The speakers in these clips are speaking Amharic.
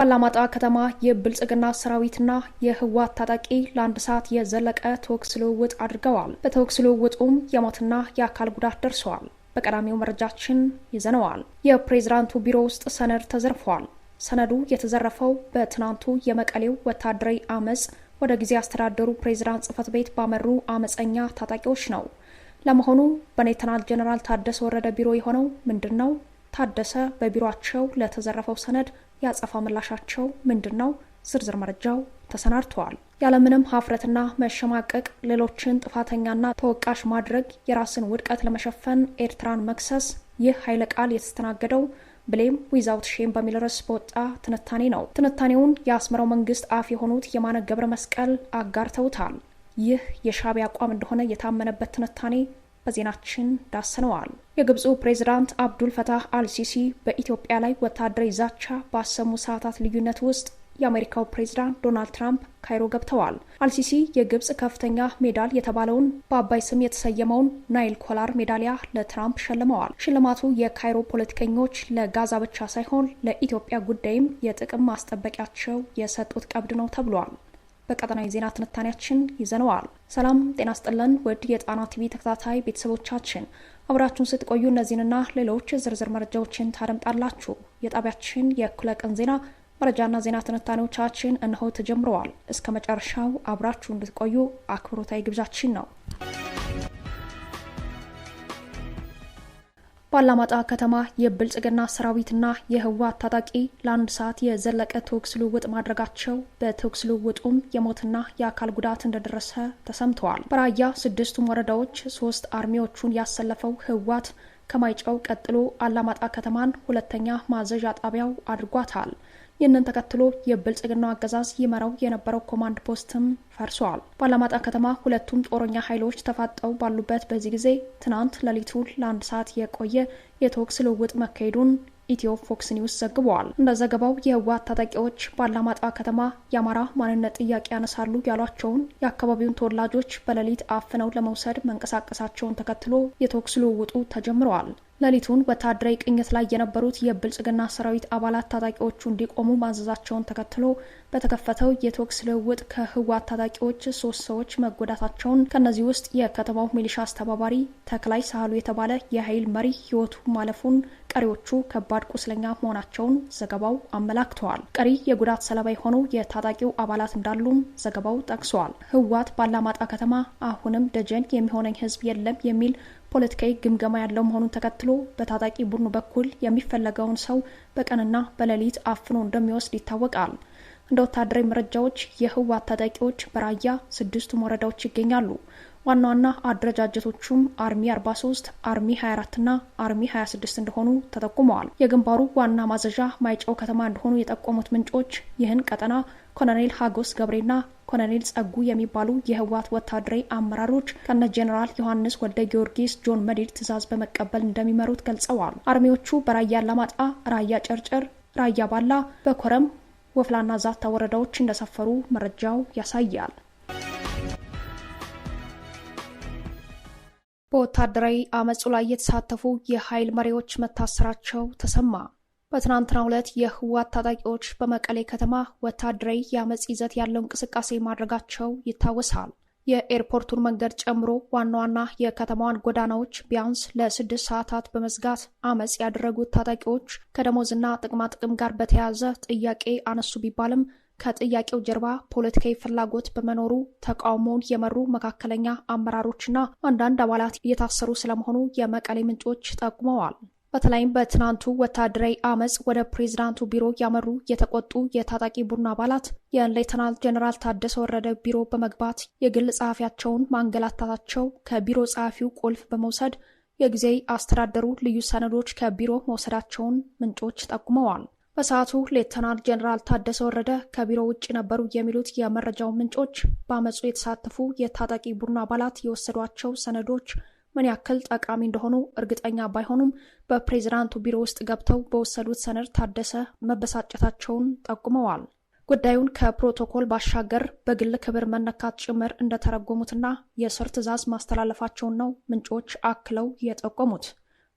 በአላማጣ ከተማ የብልጽግና ሰራዊትና የህወሓት ታጣቂ ለአንድ ሰዓት የዘለቀ ተኩስ ልውውጥ አድርገዋል። በተኩስ ልውውጡም የሞትና የአካል ጉዳት ደርሰዋል። በቀዳሚው መረጃችን ይዘነዋል። የፕሬዝዳንቱ ቢሮ ውስጥ ሰነድ ተዘርፏል። ሰነዱ የተዘረፈው በትናንቱ የመቀሌው ወታደራዊ አመፅ ወደ ጊዜ አስተዳደሩ ፕሬዝዳንት ጽህፈት ቤት ባመሩ አመፀኛ ታጣቂዎች ነው። ለመሆኑ በሌተናል ጀኔራል ታደሰ ወረደ ቢሮ የሆነው ምንድን ነው? ታደሰ በቢሮቸው ለተዘረፈው ሰነድ የአጸፋ ምላሻቸው ምንድን ነው? ዝርዝር መረጃው ተሰናድተዋል። ያለምንም ሀፍረትና መሸማቀቅ ሌሎችን ጥፋተኛና ተወቃሽ ማድረግ፣ የራስን ውድቀት ለመሸፈን ኤርትራን መክሰስ፣ ይህ ኃይለ ቃል የተስተናገደው ብሌም ዊዛውት ሼም በሚል ርዕስ በወጣ ትንታኔ ነው። ትንታኔውን የአስመራው መንግስት አፍ የሆኑት የማነ ገብረ መስቀል አጋርተውታል። ይህ የሻቢያ አቋም እንደሆነ የታመነበት ትንታኔ በዜናችን ዳስነዋል። የግብፁ ፕሬዝዳንት አብዱል ፈታህ አልሲሲ በኢትዮጵያ ላይ ወታደራዊ ዛቻ ባሰሙ ሰዓታት ልዩነት ውስጥ የአሜሪካው ፕሬዝዳንት ዶናልድ ትራምፕ ካይሮ ገብተዋል። አልሲሲ የግብፅ ከፍተኛ ሜዳል የተባለውን በአባይ ስም የተሰየመውን ናይል ኮላር ሜዳሊያ ለትራምፕ ሸልመዋል። ሽልማቱ የካይሮ ፖለቲከኞች ለጋዛ ብቻ ሳይሆን ለኢትዮጵያ ጉዳይም የጥቅም ማስጠበቂያቸው የሰጡት ቀብድ ነው ተብሏል። በቀጠናዊ ዜና ትንታኔያችን ይዘነዋል። ሰላም ጤና ስጥለን ውድ የጣና ቲቪ ተከታታይ ቤተሰቦቻችን አብራችሁን ስትቆዩ እነዚህንና ሌሎች ዝርዝር መረጃዎችን ታደምጣላችሁ። የጣቢያችን የእኩለ ቀን ዜና መረጃና ዜና ትንታኔዎቻችን እነሆ ተጀምረዋል። እስከ መጨረሻው አብራችሁ እንድትቆዩ አክብሮታዊ ግብዣችን ነው። በአላማጣ ከተማ የብልጽግና ሰራዊትና የህወሓት ታጣቂ ለአንድ ሰዓት የዘለቀ ተኩስ ልውውጥ ማድረጋቸው በተኩስ ልውውጡም የሞትና የአካል ጉዳት እንደደረሰ ተሰምተዋል። በራያ ስድስቱም ወረዳዎች ሶስት አርሚዎቹን ያሰለፈው ህወሓት ከማይጨው ቀጥሎ አላማጣ ከተማን ሁለተኛ ማዘዣ ጣቢያው አድርጓታል። ይህንን ተከትሎ የብልጽግናው አገዛዝ ይመራው የነበረው ኮማንድ ፖስትም ፈርሷል። በአላማጣ ከተማ ሁለቱም ጦረኛ ኃይሎች ተፋጠው ባሉበት በዚህ ጊዜ ትናንት ሌሊቱ ለአንድ ሰዓት የቆየ የተኩስ ልውውጥ መካሄዱን ኢትዮ ፎክስ ኒውስ ዘግበዋል። እንደ ዘገባው የህወሓት ታጣቂዎች ባላማጣ ከተማ የአማራ ማንነት ጥያቄ ያነሳሉ ያሏቸውን የአካባቢውን ተወላጆች በሌሊት አፍነው ለመውሰድ መንቀሳቀሳቸውን ተከትሎ የተኩስ ልውውጡ ተጀምረዋል። ሌሊቱን ወታደራዊ ቅኝት ላይ የነበሩት የብልጽግና ሰራዊት አባላት ታጣቂዎቹ እንዲቆሙ ማዘዛቸውን ተከትሎ በተከፈተው የተኩስ ልውውጥ ከህወሓት ታጣቂዎች ሶስት ሰዎች መጎዳታቸውን ከእነዚህ ውስጥ የከተማው ሚሊሻ አስተባባሪ ተክላይ ሳህሉ የተባለ የኃይል መሪ ህይወቱ ማለፉን ቀሪዎቹ ከባድ ቁስለኛ መሆናቸውን ዘገባው አመላክተዋል። ቀሪ የጉዳት ሰለባ የሆኑ የታጣቂው አባላት እንዳሉም ዘገባው ጠቅሰዋል። ህወሓት ባላማጣ ከተማ አሁንም ደጀን የሚሆነኝ ህዝብ የለም የሚል ፖለቲካዊ ግምገማ ያለው መሆኑን ተከትሎ በታጣቂ ቡድኑ በኩል የሚፈለገውን ሰው በቀንና በሌሊት አፍኖ እንደሚወስድ ይታወቃል። እንደ ወታደራዊ መረጃዎች የህወሓት ታጣቂዎች በራያ ስድስቱም ወረዳዎች ይገኛሉ። ዋና ዋና አደረጃጀቶቹም አርሚ 43፣ አርሚ 24ና አርሚ 26 እንደሆኑ ተጠቁመዋል። የግንባሩ ዋና ማዘዣ ማይጨው ከተማ እንደሆኑ የጠቆሙት ምንጮች ይህን ቀጠና ኮሎኔል ሀጎስ ገብሬና ኮሎኔል ጸጉ የሚባሉ የህወሓት ወታደራዊ አመራሮች ከነ ጄኔራል ዮሐንስ ወልደ ጊዮርጊስ ጆን መዲድ ትዕዛዝ በመቀበል እንደሚመሩት ገልጸዋል። አርሚዎቹ በራያ አላማጣ፣ ራያ ጨርጨር፣ ራያ ባላ፣ በኮረም ወፍላና ዛታ ወረዳዎች እንደሰፈሩ መረጃው ያሳያል። በወታደራዊ አመፁ ላይ የተሳተፉ የኃይል መሪዎች መታሰራቸው ተሰማ። በትናንትና ዕለት የህወሓት ታጣቂዎች በመቀሌ ከተማ ወታደራዊ የአመፅ ይዘት ያለው እንቅስቃሴ ማድረጋቸው ይታወሳል። የኤርፖርቱን መንገድ ጨምሮ ዋና ዋና የከተማዋን ጎዳናዎች ቢያንስ ለስድስት ሰዓታት በመዝጋት አመፅ ያደረጉት ታጣቂዎች ከደሞዝና ጥቅማጥቅም ጋር በተያያዘ ጥያቄ አነሱ ቢባልም ከጥያቄው ጀርባ ፖለቲካዊ ፍላጎት በመኖሩ ተቃውሞውን የመሩ መካከለኛ አመራሮችና አንዳንድ አባላት እየታሰሩ ስለመሆኑ የመቀሌ ምንጮች ጠቁመዋል። በተለይም በትናንቱ ወታደራዊ አመፅ ወደ ፕሬዝዳንቱ ቢሮ ያመሩ የተቆጡ የታጣቂ ቡድን አባላት የሌተናል ጀኔራል ታደሰ ወረደ ቢሮ በመግባት የግል ጸሐፊያቸውን ማንገላታታቸው ከቢሮ ጸሐፊው ቁልፍ በመውሰድ የጊዜ አስተዳደሩ ልዩ ሰነዶች ከቢሮ መውሰዳቸውን ምንጮች ጠቁመዋል። በሰዓቱ ሌተናል ጀኔራል ታደሰ ወረደ ከቢሮ ውጭ ነበሩ የሚሉት የመረጃው ምንጮች በአመፁ የተሳተፉ የታጣቂ ቡድኑ አባላት የወሰዷቸው ሰነዶች ምን ያክል ጠቃሚ እንደሆኑ እርግጠኛ ባይሆኑም በፕሬዚዳንቱ ቢሮ ውስጥ ገብተው በወሰዱት ሰነድ ታደሰ መበሳጨታቸውን ጠቁመዋል። ጉዳዩን ከፕሮቶኮል ባሻገር በግል ክብር መነካት ጭምር እንደተረጎሙትና የእስር ትዕዛዝ ማስተላለፋቸውን ነው ምንጮች አክለው የጠቆሙት።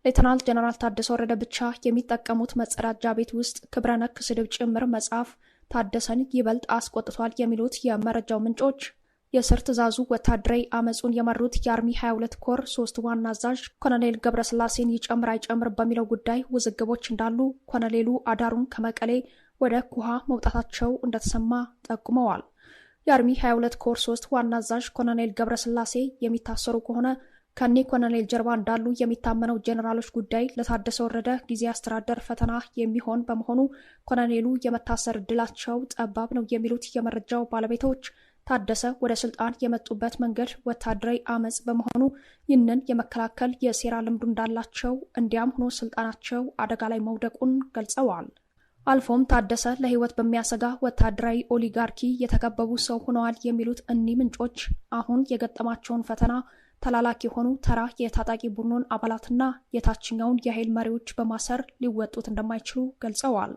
ሌተናንት ጀነራል ታደሰ ወረደ ብቻ የሚጠቀሙት መጸዳጃ ቤት ውስጥ ክብረ ነክ ስድብ ጭምር መጽሐፍ ታደሰን ይበልጥ አስቆጥቷል የሚሉት የመረጃው ምንጮች የስር ትዕዛዙ ወታደራዊ አመፁን የመሩት የአርሚ 22 ኮር ሶስት ዋና አዛዥ ኮሎኔል ገብረስላሴን ይጨምር አይጨምር በሚለው ጉዳይ ውዝግቦች እንዳሉ ኮሎኔሉ አዳሩን ከመቀሌ ወደ ኩሃ መውጣታቸው እንደተሰማ ጠቁመዋል። የአርሚ 22 ኮር ሶስት ዋና አዛዥ ኮሎኔል ገብረስላሴ የሚታሰሩ ከሆነ ከኔ ኮሎኔል ጀርባ እንዳሉ የሚታመነው ጀኔራሎች ጉዳይ ለታደሰ ወረደ ጊዜ አስተዳደር ፈተና የሚሆን በመሆኑ ኮሎኔሉ የመታሰር እድላቸው ጠባብ ነው የሚሉት የመረጃው ባለቤቶች ታደሰ ወደ ስልጣን የመጡበት መንገድ ወታደራዊ አመፅ በመሆኑ ይህንን የመከላከል የሴራ ልምዱ እንዳላቸው እንዲያም ሆኖ ስልጣናቸው አደጋ ላይ መውደቁን ገልጸዋል። አልፎም ታደሰ ለሕይወት በሚያሰጋ ወታደራዊ ኦሊጋርኪ የተከበቡ ሰው ሆነዋል የሚሉት እኒህ ምንጮች አሁን የገጠማቸውን ፈተና ተላላኪ የሆኑ ተራ የታጣቂ ቡድኑን አባላትና የታችኛውን የኃይል መሪዎች በማሰር ሊወጡት እንደማይችሉ ገልጸዋል።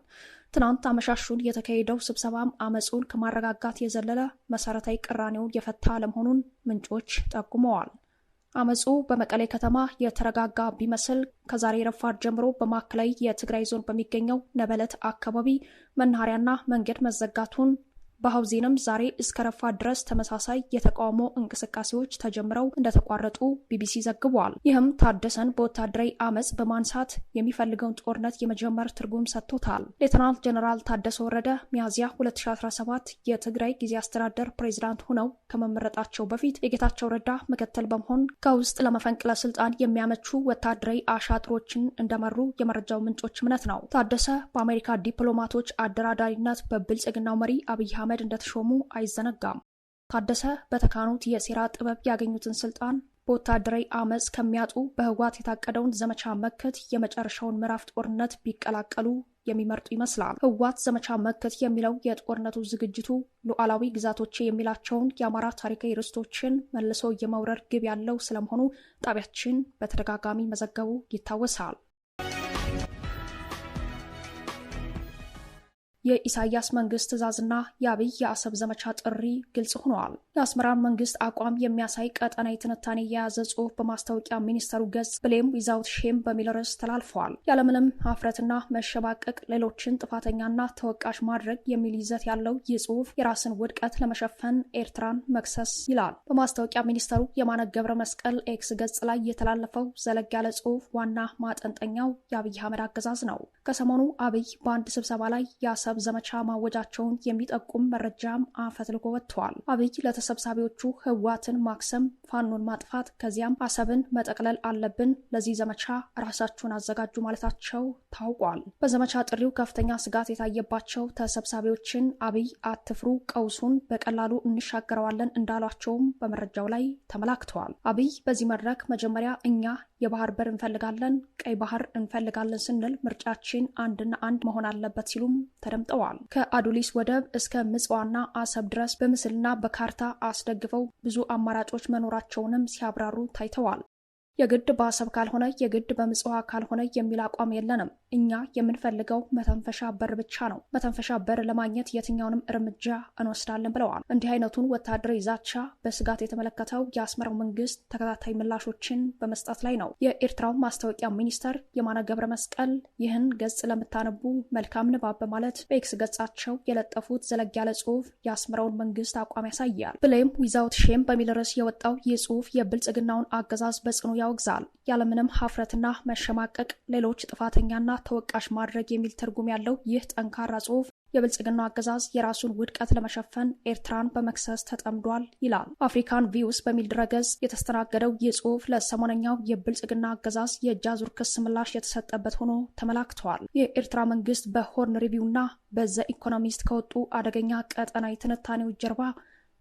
ትናንት አመሻሹን የተካሄደው ስብሰባም አመፁን ከማረጋጋት የዘለለ መሰረታዊ ቅራኔውን የፈታ አለመሆኑን ምንጮች ጠቁመዋል። አመፁ በመቀሌ ከተማ የተረጋጋ ቢመስል ከዛሬ ረፋድ ጀምሮ በማዕከላዊ የትግራይ ዞን በሚገኘው ነበለት አካባቢ መናኸሪያና መንገድ መዘጋቱን በሐውዜንም ዛሬ እስከ ድረስ ተመሳሳይ የተቃውሞ እንቅስቃሴዎች ተጀምረው እንደተቋረጡ ቢቢሲ ዘግቧል። ይህም ታደሰን በወታደራዊ አመፅ በማንሳት የሚፈልገውን ጦርነት የመጀመር ትርጉም ሰጥቶታል። ሌተናንት ጀነራል ታደሰ ወረደ ሚያዝያ 2017 የትግራይ ጊዜ አስተዳደር ፕሬዚዳንት ሆነው ከመመረጣቸው በፊት የጌታቸው ረዳ ምክትል በመሆን ከውስጥ ለመፈንቅለ ስልጣን የሚያመቹ ወታደራዊ አሻጥሮችን እንደመሩ የመረጃው ምንጮች እምነት ነው። ታደሰ በአሜሪካ ዲፕሎማቶች አደራዳሪነት በብልጽግናው መሪ አብይ አህመድ እንደተሾሙ አይዘነጋም። ታደሰ በተካኑት የሴራ ጥበብ ያገኙትን ስልጣን በወታደራዊ አመፅ ከሚያጡ በህወሓት የታቀደውን ዘመቻ መከት የመጨረሻውን ምዕራፍ ጦርነት ቢቀላቀሉ የሚመርጡ ይመስላል። ህወሓት ዘመቻ መከት የሚለው የጦርነቱ ዝግጅቱ ሉዓላዊ ግዛቶቼ የሚላቸውን የአማራ ታሪካዊ ርስቶችን መልሶ የመውረር ግብ ያለው ስለመሆኑ ጣቢያችን በተደጋጋሚ መዘገቡ ይታወሳል። የኢሳያስ መንግስት ትዕዛዝና የአብይ የአሰብ ዘመቻ ጥሪ ግልጽ ሆነዋል። የአስመራን መንግስት አቋም የሚያሳይ ቀጠናዊ ትንታኔ የያዘ ጽሁፍ በማስታወቂያ ሚኒስተሩ ገጽ ብሌም ዊዛውት ሼም በሚል ርዕስ ተላልፈዋል። ያለምንም አፍረትና መሸባቀቅ ሌሎችን ጥፋተኛና ተወቃሽ ማድረግ የሚል ይዘት ያለው ይህ ጽሁፍ የራስን ውድቀት ለመሸፈን ኤርትራን መክሰስ ይላል። በማስታወቂያ ሚኒስተሩ የማነ ገብረ መስቀል ኤክስ ገጽ ላይ የተላለፈው ዘለግ ያለ ጽሁፍ ዋና ማጠንጠኛው የአብይ አህመድ አገዛዝ ነው። ከሰሞኑ አብይ በአንድ ስብሰባ ላይ የአሰብ የመሰብሰብ ዘመቻ ማወጃቸውን የሚጠቁም መረጃም አፈትልጎ ወጥተዋል። አብይ ለተሰብሳቢዎቹ ህዋትን ማክሰም፣ ፋኖን ማጥፋት፣ ከዚያም አሰብን መጠቅለል አለብን፣ ለዚህ ዘመቻ ራሳችሁን አዘጋጁ ማለታቸው ታውቋል። በዘመቻ ጥሪው ከፍተኛ ስጋት የታየባቸው ተሰብሳቢዎችን አብይ አትፍሩ፣ ቀውሱን በቀላሉ እንሻገረዋለን እንዳሏቸውም በመረጃው ላይ ተመላክተዋል። አብይ በዚህ መድረክ መጀመሪያ እኛ የባህር በር እንፈልጋለን፣ ቀይ ባህር እንፈልጋለን ስንል ምርጫችን አንድና አንድ መሆን አለበት ሲሉም ተደምጠዋል። ተቀምጠዋል። ከአዱሊስ ወደብ እስከ ምጽዋና አሰብ ድረስ በምስልና በካርታ አስደግፈው ብዙ አማራጮች መኖራቸውንም ሲያብራሩ ታይተዋል። የግድ በአሰብ ካልሆነ የግድ በምጽዋ ካልሆነ የሚል አቋም የለንም። እኛ የምንፈልገው መተንፈሻ በር ብቻ ነው። መተንፈሻ በር ለማግኘት የትኛውንም እርምጃ እንወስዳለን ብለዋል። እንዲህ አይነቱን ወታደራዊ ዛቻ በስጋት የተመለከተው የአስመራው መንግስት ተከታታይ ምላሾችን በመስጠት ላይ ነው። የኤርትራው ማስታወቂያ ሚኒስተር የማነ ገብረ መስቀል ይህን ገጽ ለምታነቡ መልካም ንባብ በማለት በኤክስ ገጻቸው የለጠፉት ዘለግ ያለ ጽሁፍ የአስመራውን መንግስት አቋም ያሳያል። ብሌም ዊዛውት ሼም በሚል ርዕስ የወጣው ይህ ጽሁፍ የብልጽግናውን አገዛዝ በጽኑ ያወግዛል። ያለምንም ሀፍረትና መሸማቀቅ ሌሎች ጥፋተኛና ተወቃሽ ማድረግ የሚል ትርጉም ያለው ይህ ጠንካራ ጽሑፍ የብልጽግናው አገዛዝ የራሱን ውድቀት ለመሸፈን ኤርትራን በመክሰስ ተጠምዷል ይላል። አፍሪካን ቪውስ በሚል ድረገጽ የተስተናገደው ይህ ጽሑፍ ለሰሞነኛው የብልጽግና አገዛዝ የጃዙር ክስ ምላሽ የተሰጠበት ሆኖ ተመላክተዋል። የኤርትራ መንግስት በሆርን ሪቪውና በዘ ኢኮኖሚስት ከወጡ አደገኛ ቀጠናዊ ትንታኔዎች ጀርባ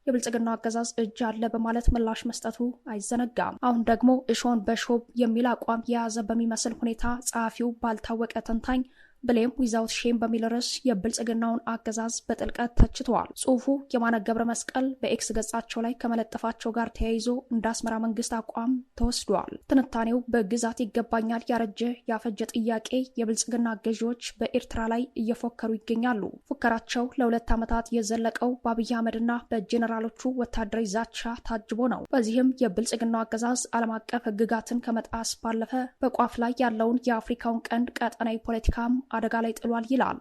የብልጽግናው አገዛዝ እጅ አለ በማለት ምላሽ መስጠቱ አይዘነጋም። አሁን ደግሞ እሾን በሾብ የሚል አቋም የያዘ በሚመስል ሁኔታ ጸሐፊው ባልታወቀ ተንታኝ ብሌም ዊዛውት ሼም በሚል ርዕስ የብልጽግናውን አገዛዝ በጥልቀት ተችተዋል። ጽሁፉ የማነ ገብረ መስቀል በኤክስ ገጻቸው ላይ ከመለጠፋቸው ጋር ተያይዞ እንደ አስመራ መንግስት አቋም ተወስዷል። ትንታኔው በግዛት ይገባኛል ያረጀ ያፈጀ ጥያቄ የብልጽግና ገዢዎች በኤርትራ ላይ እየፎከሩ ይገኛሉ። ፉከራቸው ለሁለት ዓመታት የዘለቀው በአብይ አህመድና በጄኔራሎቹ ወታደራዊ ዛቻ ታጅቦ ነው። በዚህም የብልጽግናው አገዛዝ ዓለም አቀፍ ህግጋትን ከመጣስ ባለፈ በቋፍ ላይ ያለውን የአፍሪካውን ቀንድ ቀጠናዊ ፖለቲካም አደጋ ላይ ጥሏል ይላል።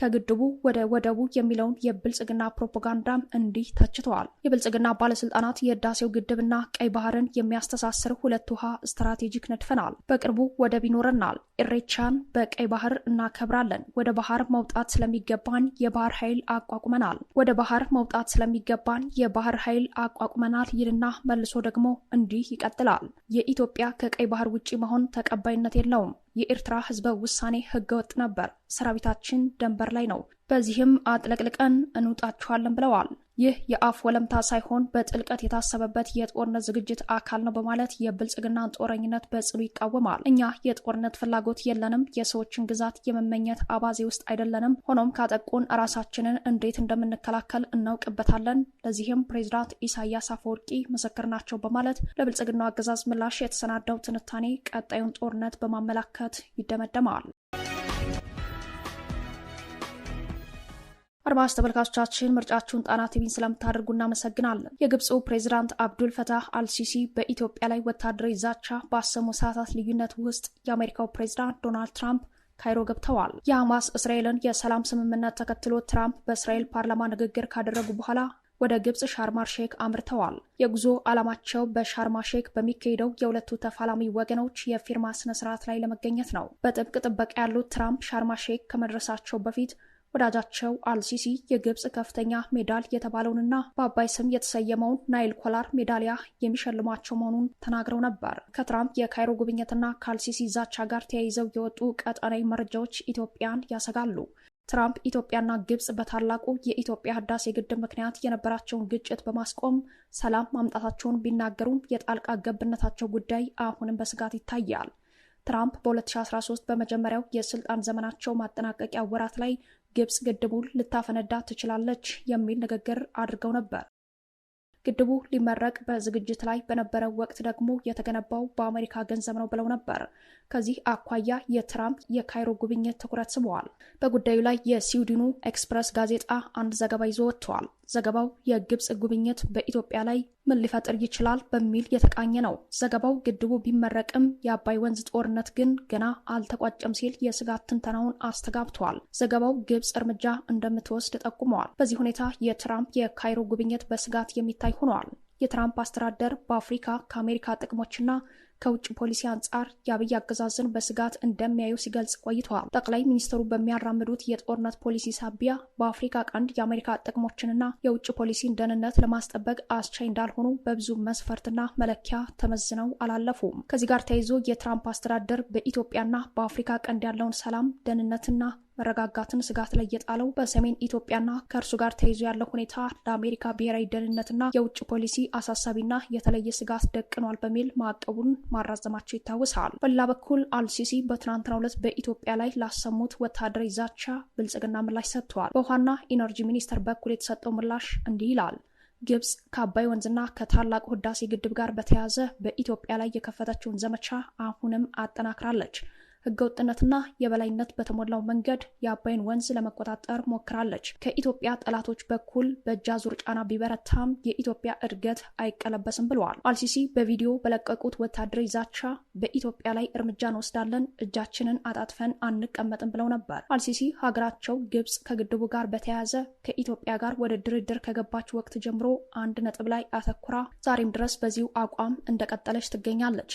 ከግድቡ ወደ ወደቡ የሚለውን የብልጽግና ፕሮፓጋንዳም እንዲህ ተችተዋል። የብልጽግና ባለስልጣናት የህዳሴው ግድብና ቀይ ባህርን የሚያስተሳስር ሁለት ውሃ ስትራቴጂክ ነድፈናል፣ በቅርቡ ወደብ ይኖረናል፣ ኢሬቻን በቀይ ባህር እናከብራለን፣ ወደ ባህር መውጣት ስለሚገባን የባህር ኃይል አቋቁመናል፣ ወደ ባህር መውጣት ስለሚገባን የባህር ኃይል አቋቁመናል ይልና መልሶ ደግሞ እንዲህ ይቀጥላል። የኢትዮጵያ ከቀይ ባህር ውጪ መሆን ተቀባይነት የለውም የኤርትራ ህዝበ ውሳኔ ህገወጥ ነበር፣ ሰራዊታችን ደንበር ላይ ነው፣ በዚህም አጥለቅልቀን እንውጣችኋለን ብለዋል። ይህ የአፍ ወለምታ ሳይሆን በጥልቀት የታሰበበት የጦርነት ዝግጅት አካል ነው በማለት የብልጽግናን ጦረኝነት በጽኑ ይቃወማል። እኛ የጦርነት ፍላጎት የለንም፣ የሰዎችን ግዛት የመመኘት አባዜ ውስጥ አይደለንም። ሆኖም ካጠቁን ራሳችንን እንዴት እንደምንከላከል እናውቅበታለን። ለዚህም ፕሬዚዳንት ኢሳያስ አፈወርቂ ምስክር ናቸው በማለት ለብልጽግናው አገዛዝ ምላሽ የተሰናዳው ትንታኔ ቀጣዩን ጦርነት በማመላከት ይደመደማል። አድማጭ ተመልካቾቻችን ምርጫችሁን ጣና ቲቪን ስለምታደርጉ እናመሰግናለን። የግብፁ ፕሬዚዳንት አብዱል ፈታህ አልሲሲ በኢትዮጵያ ላይ ወታደራዊ ዛቻ በአሰሙ ሰዓታት ልዩነት ውስጥ የአሜሪካው ፕሬዚዳንት ዶናልድ ትራምፕ ካይሮ ገብተዋል። የሐማስ እስራኤልን የሰላም ስምምነት ተከትሎ ትራምፕ በእስራኤል ፓርላማ ንግግር ካደረጉ በኋላ ወደ ግብፅ ሻርማር ሼክ አምርተዋል። የጉዞ ዓላማቸው በሻርማ ሼክ በሚካሄደው የሁለቱ ተፋላሚ ወገኖች የፊርማ ስነ ላይ ለመገኘት ነው። በጥብቅ ጥበቃ ያሉት ትራምፕ ሻርማ ሼክ ከመድረሳቸው በፊት ወዳጃቸው አልሲሲ የግብፅ ከፍተኛ ሜዳል የተባለውንና በአባይ ስም የተሰየመውን ናይል ኮላር ሜዳሊያ የሚሸልማቸው መሆኑን ተናግረው ነበር። ከትራምፕ የካይሮ ጉብኝትና ከአልሲሲ ዛቻ ጋር ተያይዘው የወጡ ቀጠናዊ መረጃዎች ኢትዮጵያን ያሰጋሉ። ትራምፕ ኢትዮጵያና ግብጽ በታላቁ የኢትዮጵያ ህዳሴ ግድብ ምክንያት የነበራቸውን ግጭት በማስቆም ሰላም ማምጣታቸውን ቢናገሩም የጣልቃ ገብነታቸው ጉዳይ አሁንም በስጋት ይታያል። ትራምፕ በ2013 በመጀመሪያው የስልጣን ዘመናቸው ማጠናቀቂያ ወራት ላይ ግብጽ ግድቡን ልታፈነዳ ትችላለች የሚል ንግግር አድርገው ነበር። ግድቡ ሊመረቅ በዝግጅት ላይ በነበረው ወቅት ደግሞ የተገነባው በአሜሪካ ገንዘብ ነው ብለው ነበር። ከዚህ አኳያ የትራምፕ የካይሮ ጉብኝት ትኩረት ስበዋል። በጉዳዩ ላይ የስዊድኑ ኤክስፕረስ ጋዜጣ አንድ ዘገባ ይዞ ወጥቷል። ዘገባው የግብፅ ጉብኝት በኢትዮጵያ ላይ ምን ሊፈጥር ይችላል በሚል የተቃኘ ነው። ዘገባው ግድቡ ቢመረቅም የአባይ ወንዝ ጦርነት ግን ገና አልተቋጨም ሲል የስጋት ትንተናውን አስተጋብተዋል። ዘገባው ግብፅ እርምጃ እንደምትወስድ ጠቁመዋል። በዚህ ሁኔታ የትራምፕ የካይሮ ጉብኝት በስጋት የሚታይ ሆነዋል። የትራምፕ አስተዳደር በአፍሪካ ከአሜሪካ ጥቅሞችና ከውጭ ፖሊሲ አንጻር የአብይ አገዛዝን በስጋት እንደሚያዩ ሲገልጽ ቆይተዋል። ጠቅላይ ሚኒስትሩ በሚያራምዱት የጦርነት ፖሊሲ ሳቢያ በአፍሪካ ቀንድ የአሜሪካ ጥቅሞችንና የውጭ ፖሊሲን ደህንነት ለማስጠበቅ አስቻይ እንዳልሆኑ በብዙ መስፈርትና መለኪያ ተመዝነው አላለፉም። ከዚህ ጋር ተያይዞ የትራምፕ አስተዳደር በኢትዮጵያና በአፍሪካ ቀንድ ያለውን ሰላም፣ ደህንነትና መረጋጋትን ስጋት ላይ የጣለው በሰሜን ኢትዮጵያና ከእርሱ ጋር ተይዞ ያለው ሁኔታ ለአሜሪካ ብሔራዊ ደህንነትና የውጭ ፖሊሲ አሳሳቢና የተለየ ስጋት ደቅኗል በሚል ማዕቀቡን ማራዘማቸው ይታወሳል። በሌላ በኩል አልሲሲ በትናንትናው ዕለት በኢትዮጵያ ላይ ላሰሙት ወታደራዊ ዛቻ ብልጽግና ምላሽ ሰጥቷል። በውሃና ኢነርጂ ሚኒስቴር በኩል የተሰጠው ምላሽ እንዲህ ይላል። ግብጽ ከአባይ ወንዝና ከታላቁ ህዳሴ ግድብ ጋር በተያያዘ በኢትዮጵያ ላይ የከፈተችውን ዘመቻ አሁንም አጠናክራለች። ህገወጥነትና የበላይነት በተሞላው መንገድ የአባይን ወንዝ ለመቆጣጠር ሞክራለች። ከኢትዮጵያ ጠላቶች በኩል በእጃ አዙር ጫና ቢበረታም የኢትዮጵያ እድገት አይቀለበስም ብለዋል። አልሲሲ በቪዲዮ በለቀቁት ወታደራዊ ዛቻ በኢትዮጵያ ላይ እርምጃ እንወስዳለን፣ እጃችንን አጣጥፈን አንቀመጥም ብለው ነበር። አልሲሲ ሀገራቸው ግብጽ ከግድቡ ጋር በተያያዘ ከኢትዮጵያ ጋር ወደ ድርድር ከገባች ወቅት ጀምሮ አንድ ነጥብ ላይ አተኩራ ዛሬም ድረስ በዚሁ አቋም እንደቀጠለች ትገኛለች።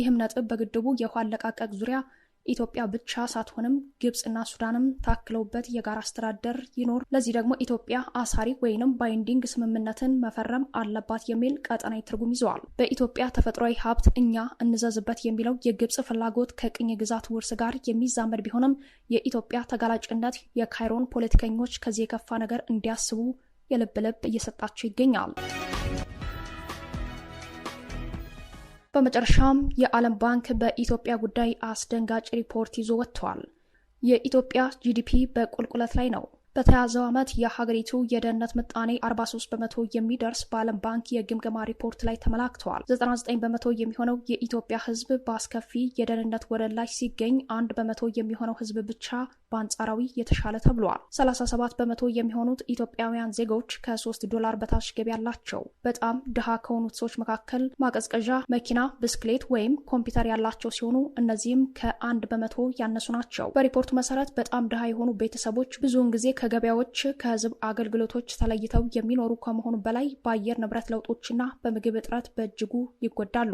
ይህም ነጥብ በግድቡ የውሃ አለቃቀቅ ዙሪያ ኢትዮጵያ ብቻ ሳትሆንም ግብፅና ሱዳንም ታክለውበት የጋራ አስተዳደር ይኖር። ለዚህ ደግሞ ኢትዮጵያ አሳሪ ወይንም ባይንዲንግ ስምምነትን መፈረም አለባት የሚል ቀጠናዊ ትርጉም ይዘዋል። በኢትዮጵያ ተፈጥሯዊ ሀብት እኛ እንዘዝበት የሚለው የግብፅ ፍላጎት ከቅኝ ግዛት ውርስ ጋር የሚዛመድ ቢሆንም የኢትዮጵያ ተጋላጭነት የካይሮን ፖለቲከኞች ከዚህ የከፋ ነገር እንዲያስቡ የልብ ልብ እየሰጣቸው ይገኛል። በመጨረሻም የዓለም ባንክ በኢትዮጵያ ጉዳይ አስደንጋጭ ሪፖርት ይዞ ወጥቷል። የኢትዮጵያ ጂዲፒ በቁልቁለት ላይ ነው። በተያዘው ዓመት የሀገሪቱ የደህንነት ምጣኔ 43 በመቶ የሚደርስ በዓለም ባንክ የግምገማ ሪፖርት ላይ ተመላክተዋል። 99 በመቶ የሚሆነው የኢትዮጵያ ሕዝብ በአስከፊ የደህንነት ወለል ላይ ሲገኝ አንድ በመቶ የሚሆነው ሕዝብ ብቻ በአንጻራዊ የተሻለ ተብሏል። 37 በመቶ የሚሆኑት ኢትዮጵያውያን ዜጎች ከ3 ዶላር በታች ገቢ ያላቸው በጣም ድሃ ከሆኑት ሰዎች መካከል ማቀዝቀዣ፣ መኪና፣ ብስክሌት ወይም ኮምፒውተር ያላቸው ሲሆኑ እነዚህም ከአንድ በመቶ ያነሱ ናቸው። በሪፖርቱ መሰረት በጣም ድሃ የሆኑ ቤተሰቦች ብዙውን ጊዜ ከገበያዎች ከህዝብ አገልግሎቶች ተለይተው የሚኖሩ ከመሆኑ በላይ በአየር ንብረት ለውጦችና በምግብ እጥረት በእጅጉ ይጎዳሉ።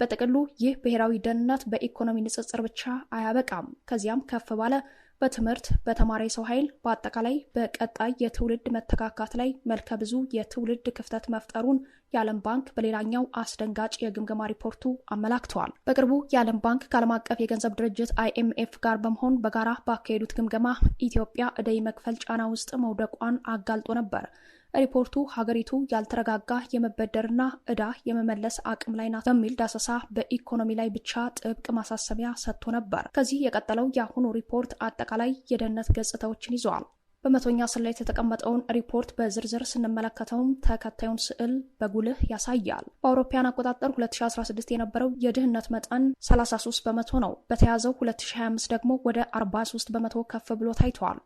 በጥቅሉ ይህ ብሔራዊ ደህንነት በኢኮኖሚ ንጽጽር ብቻ አያበቃም። ከዚያም ከፍ ባለ በትምህርት በተማሪ ሰው ኃይል በአጠቃላይ በቀጣይ የትውልድ መተካካት ላይ መልከ ብዙ የትውልድ ክፍተት መፍጠሩን የዓለም ባንክ በሌላኛው አስደንጋጭ የግምገማ ሪፖርቱ አመላክተዋል። በቅርቡ የዓለም ባንክ ከዓለም አቀፍ የገንዘብ ድርጅት አይኤምኤፍ ጋር በመሆን በጋራ ባካሄዱት ግምገማ ኢትዮጵያ እደይ መክፈል ጫና ውስጥ መውደቋን አጋልጦ ነበር። ሪፖርቱ ሀገሪቱ ያልተረጋጋ የመበደርና ዕዳ የመመለስ አቅም ላይ ናት በሚል ዳሰሳ በኢኮኖሚ ላይ ብቻ ጥብቅ ማሳሰቢያ ሰጥቶ ነበር። ከዚህ የቀጠለው የአሁኑ ሪፖርት አጠቃላይ የደህንነት ገጽታዎችን ይዘዋል። በመቶኛ ስር ላይ የተቀመጠውን ሪፖርት በዝርዝር ስንመለከተውም ተከታዩን ስዕል በጉልህ ያሳያል። በአውሮፓያን አቆጣጠር 2016 የነበረው የድህነት መጠን 33 በመቶ ነው። በተያዘው 2025 ደግሞ ወደ 43 በመቶ ከፍ ብሎ ታይተዋል።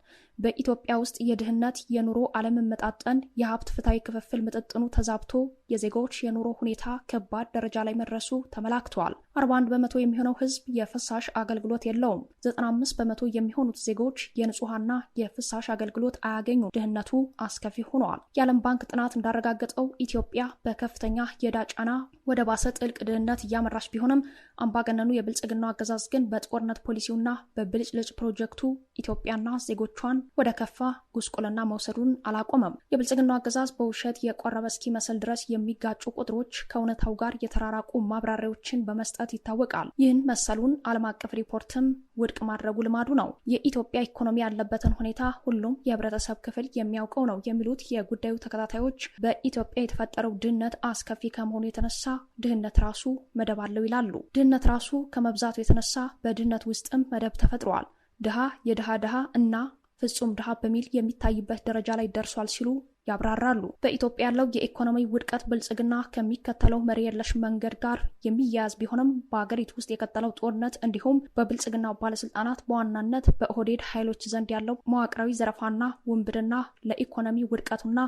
በኢትዮጵያ ውስጥ የድህነት የኑሮ አለመመጣጠን፣ የሀብት ፍታዊ ክፍፍል ምጥጥኑ ተዛብቶ የዜጋዎች የኑሮ ሁኔታ ከባድ ደረጃ ላይ መድረሱ ተመላክቷል። 41 በመቶ የሚሆነው ህዝብ የፍሳሽ አገልግሎት የለውም። 95 በመቶ የሚሆኑት ዜጎች የንጹሐና የፍሳሽ አገልግሎት አያገኙ። ድህነቱ አስከፊ ሆኗል። የዓለም ባንክ ጥናት እንዳረጋገጠው ኢትዮጵያ በከፍተኛ የዕዳ ጫና ወደ ባሰ ጥልቅ ድህነት እያመራች ቢሆንም አምባገነኑ የብልጽግናው አገዛዝ ግን በጦርነት ፖሊሲውና በብልጭልጭ ፕሮጀክቱ ኢትዮጵያና ዜጎቿን ወደ ከፋ ጉስቁልና መውሰዱን አላቆመም። የብልጽግና አገዛዝ በውሸት የቆረበ እስኪመስል ድረስ የሚጋጩ ቁጥሮች ከእውነታው ጋር የተራራቁ ማብራሪያዎችን በመስጠት በመስጠት ይታወቃል። ይህን መሰሉን ዓለም አቀፍ ሪፖርትም ውድቅ ማድረጉ ልማዱ ነው። የኢትዮጵያ ኢኮኖሚ ያለበትን ሁኔታ ሁሉም የህብረተሰብ ክፍል የሚያውቀው ነው የሚሉት የጉዳዩ ተከታታዮች በኢትዮጵያ የተፈጠረው ድህነት አስከፊ ከመሆኑ የተነሳ ድህነት ራሱ መደብ አለው ይላሉ። ድህነት ራሱ ከመብዛቱ የተነሳ በድህነት ውስጥም መደብ ተፈጥሯል። ድሃ፣ የድሃ ድሃ እና ፍጹም ድሃ በሚል የሚታይበት ደረጃ ላይ ደርሷል ሲሉ ያብራራሉ። በኢትዮጵያ ያለው የኢኮኖሚ ውድቀት ብልጽግና ከሚከተለው መሪ የለሽ መንገድ ጋር የሚያያዝ ቢሆንም በሀገሪቱ ውስጥ የቀጠለው ጦርነት እንዲሁም በብልጽግና ባለስልጣናት በዋናነት በኦህዴድ ኃይሎች ዘንድ ያለው መዋቅራዊ ዘረፋና ውንብድና ለኢኮኖሚ ውድቀቱና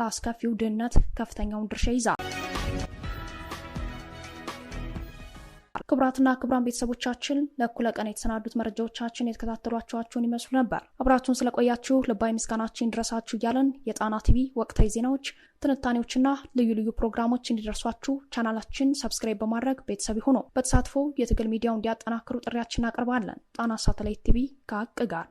ለአስከፊው ድህነት ከፍተኛውን ድርሻ ይዛል። ክብራትና ክብራን ቤተሰቦቻችን ለእኩለ ቀን የተሰናዱት መረጃዎቻችን የተከታተሏቸኋቸውን ይመስሉ ነበር። አብራችሁን ስለቆያችሁ ልባዊ ምስጋናችን ድረሳችሁ እያለን የጣና ቲቪ ወቅታዊ ዜናዎች፣ ትንታኔዎችና ልዩ ልዩ ፕሮግራሞች እንዲደርሷችሁ ቻናላችን ሰብስክራይብ በማድረግ ቤተሰብ ሆኖ በተሳትፎ የትግል ሚዲያውን እንዲያጠናክሩ ጥሪያችን እናቀርባለን። ጣና ሳተላይት ቲቪ ከሀቅ ጋር